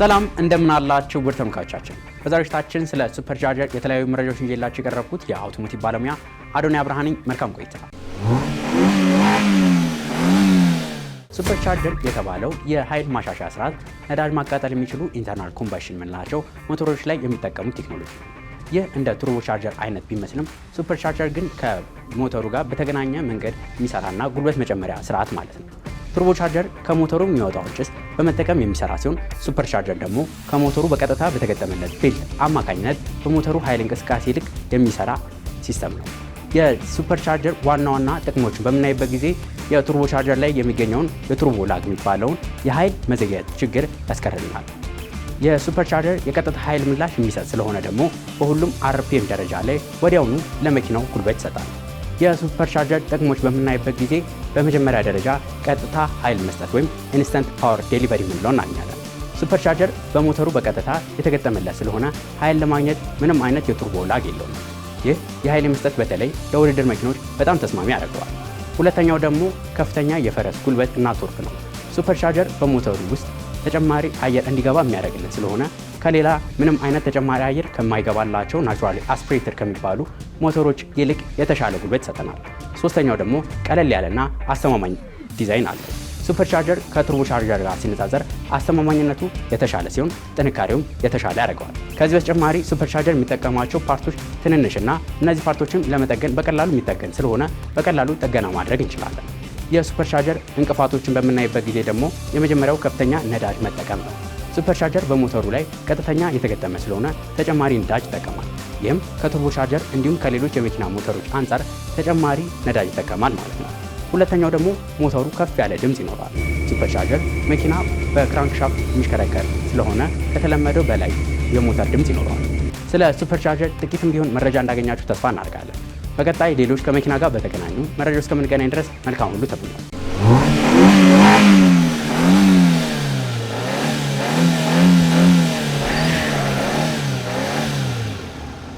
ሰላም እንደምን አላችሁ ውድ ተመልካቾቻችን፣ በዛሬው ዝግጅታችን ስለ ሱፐር ቻርጀር የተለያዩ መረጃዎችን ይዤላችሁ የቀረብኩት የአውቶሞቲቭ ባለሙያ አዶኒ አብርሃኒ መልካም ቆይታ። ሱፐር ቻርጀር የተባለው የኃይል ማሻሻያ ስርዓት ነዳጅ ማቃጠል የሚችሉ ኢንተርናል ኮምባሽን የምንላቸው ሞተሮች ላይ የሚጠቀሙት ቴክኖሎጂ ነው። ይህ እንደ ቱርቦ ቻርጀር አይነት ቢመስልም ሱፐር ቻርጀር ግን ከሞተሩ ጋር በተገናኘ መንገድ የሚሰራና ጉልበት መጨመሪያ ስርዓት ማለት ነው። ቱርቦ ቻርጀር ከሞተሩ የሚወጣው ጭስ በመጠቀም የሚሰራ ሲሆን ሱፐር ቻርጀር ደግሞ ከሞተሩ በቀጥታ በተገጠመለት ፊልድ አማካኝነት በሞተሩ ኃይል እንቅስቃሴ ልክ የሚሰራ ሲስተም ነው። የሱፐር ቻርጀር ዋና ዋና ጥቅሞችን በምናይበት ጊዜ የቱርቦ ቻርጀር ላይ የሚገኘውን የቱርቦ ላግ የሚባለውን የኃይል መዘግየት ችግር ያስቀርልናል። የሱፐር ቻርጀር የቀጥታ ኃይል ምላሽ የሚሰጥ ስለሆነ ደግሞ በሁሉም አርፒኤም ደረጃ ላይ ወዲያውኑ ለመኪናው ጉልበት ይሰጣል። የሱፐር ቻርጀር ጥቅሞች በምናይበት ጊዜ በመጀመሪያ ደረጃ ቀጥታ ኃይል መስጠት ወይም ኢንስተንት ፓወር ዴሊቨሪ የምንለው እናገኛለን። ሱፐር ቻርጀር በሞተሩ በቀጥታ የተገጠመለት ስለሆነ ኃይል ለማግኘት ምንም አይነት የቱርቦ ላግ የለውም። ይህ የኃይል መስጠት በተለይ ለውድድር መኪኖች በጣም ተስማሚ ያደርገዋል። ሁለተኛው ደግሞ ከፍተኛ የፈረስ ጉልበት እና ቶርክ ነው። ሱፐር ቻርጀር በሞተሩ ውስጥ ተጨማሪ አየር እንዲገባ የሚያደርግልን ስለሆነ ከሌላ ምንም አይነት ተጨማሪ አየር ከማይገባላቸው ናቹራሊ አስፕሬተር ከሚባሉ ሞተሮች ይልቅ የተሻለ ጉልበት ይሰጠናል። ሶስተኛው ደግሞ ቀለል ያለና አስተማማኝ ዲዛይን አለ። ሱፐር ቻርጀር ከቱርቦ ቻርጀር ጋር ሲነጻጸር አስተማማኝነቱ የተሻለ ሲሆን ጥንካሬውም የተሻለ ያደርገዋል። ከዚህ በተጨማሪ ሱፐር ቻርጀር የሚጠቀማቸው ፓርቶች ትንንሽና እነዚህ ፓርቶችም ለመጠገን በቀላሉ የሚጠገን ስለሆነ በቀላሉ ጥገና ማድረግ እንችላለን። የሱፐር ቻርጀር እንቅፋቶችን በምናይበት ጊዜ ደግሞ የመጀመሪያው ከፍተኛ ነዳጅ መጠቀም ነው። ሱፐርቻርጀር በሞተሩ ላይ ቀጥተኛ የተገጠመ ስለሆነ ተጨማሪ ነዳጅ ይጠቀማል። ይህም ቻርጀር እንዲሁም ከሌሎች የመኪና ሞተሮች አንጻር ተጨማሪ ነዳጅ ይጠቀማል ማለት ነው። ሁለተኛው ደግሞ ሞተሩ ከፍ ያለ ድምፅ ይኖራል። ሱፐርቻርጀር መኪና በክራንክሻፍት የሚሽከረከር ስለሆነ ከተለመደው በላይ የሞተር ድምፅ ይኖረዋል። ስለ ሱፐርቻርጀር ጥቂትም ቢሆን መረጃ እንዳገኛችሁ ተስፋ እናደርጋለን። በቀጣይ ሌሎች ከመኪና ጋር በተገናኙ መረጃ እስከምንገናኝ ድረስ መልካም ሁሉ ተብሏል።